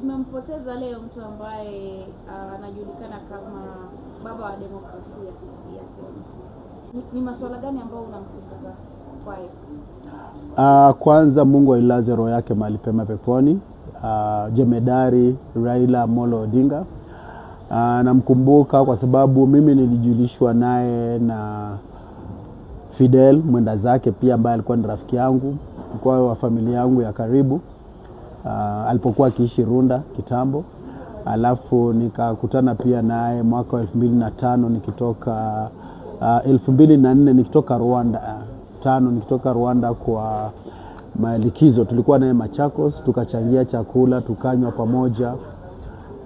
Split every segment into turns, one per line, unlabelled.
Tumempoteza leo mtu ambaye ah, anajulikana uh, kama baba wa demokrasia ya Kenya. Ni, ni masuala gani ambayo unamkumbuka kwaye?
Uh, ah, kwanza Mungu ailaze roho yake mahali pema peponi. Uh, jemedari Raila molo Odinga uh, namkumbuka kwa sababu mimi nilijulishwa naye na Fidel mwenda zake pia ambaye alikuwa ni rafiki yangu, alikuwa wa familia yangu ya karibu uh, alipokuwa akiishi Runda kitambo, alafu nikakutana pia naye mwaka wa elfu mbili na tano nikitoka uh, elfu mbili na nne nikitoka Rwanda tano nikitoka Rwanda kwa malikizo, tulikuwa naye Machakos, tukachangia chakula tukanywa pamoja.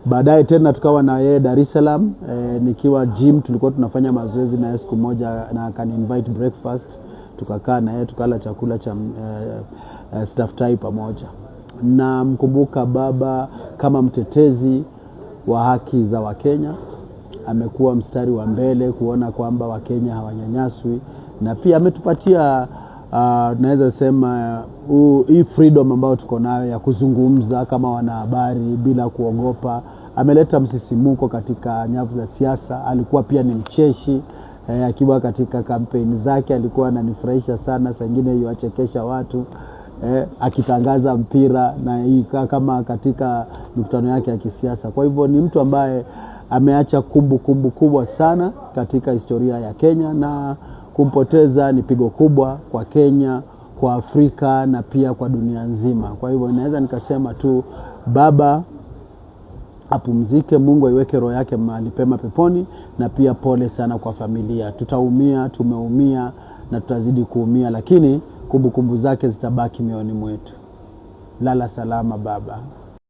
Baadaye tena tukawa na yeye Dar es Salaam e, nikiwa gym tulikuwa tunafanya mazoezi na yeye siku moja, na akani invite breakfast, tukakaa na yeye tukala chakula cha e, e, staff tai pamoja. Namkumbuka baba kama mtetezi wa haki za Wakenya. Amekuwa mstari wa mbele kuona kwamba Wakenya hawanyanyaswi, na pia ametupatia ah, tunaweza uh, sema uh, hii freedom ambayo tuko nayo ya kuzungumza kama wanahabari bila kuogopa. Ameleta msisimuko katika nyavu za siasa. Alikuwa pia ni mcheshi eh, akiwa katika kampeni zake alikuwa ananifurahisha sana, saa ingine yuachekesha watu eh, akitangaza mpira na ika kama katika mikutano yake ya kisiasa. Kwa hivyo ni mtu ambaye ameacha kumbukumbu kumbu kubwa sana katika historia ya Kenya, na kumpoteza ni pigo kubwa kwa Kenya, kwa Afrika na pia kwa dunia nzima. Kwa hivyo inaweza nikasema tu baba apumzike, Mungu aiweke roho yake mahali pema peponi, na pia pole sana kwa familia. Tutaumia, tumeumia na tutazidi kuumia, lakini kumbukumbu zake zitabaki mioyoni mwetu. Lala salama baba.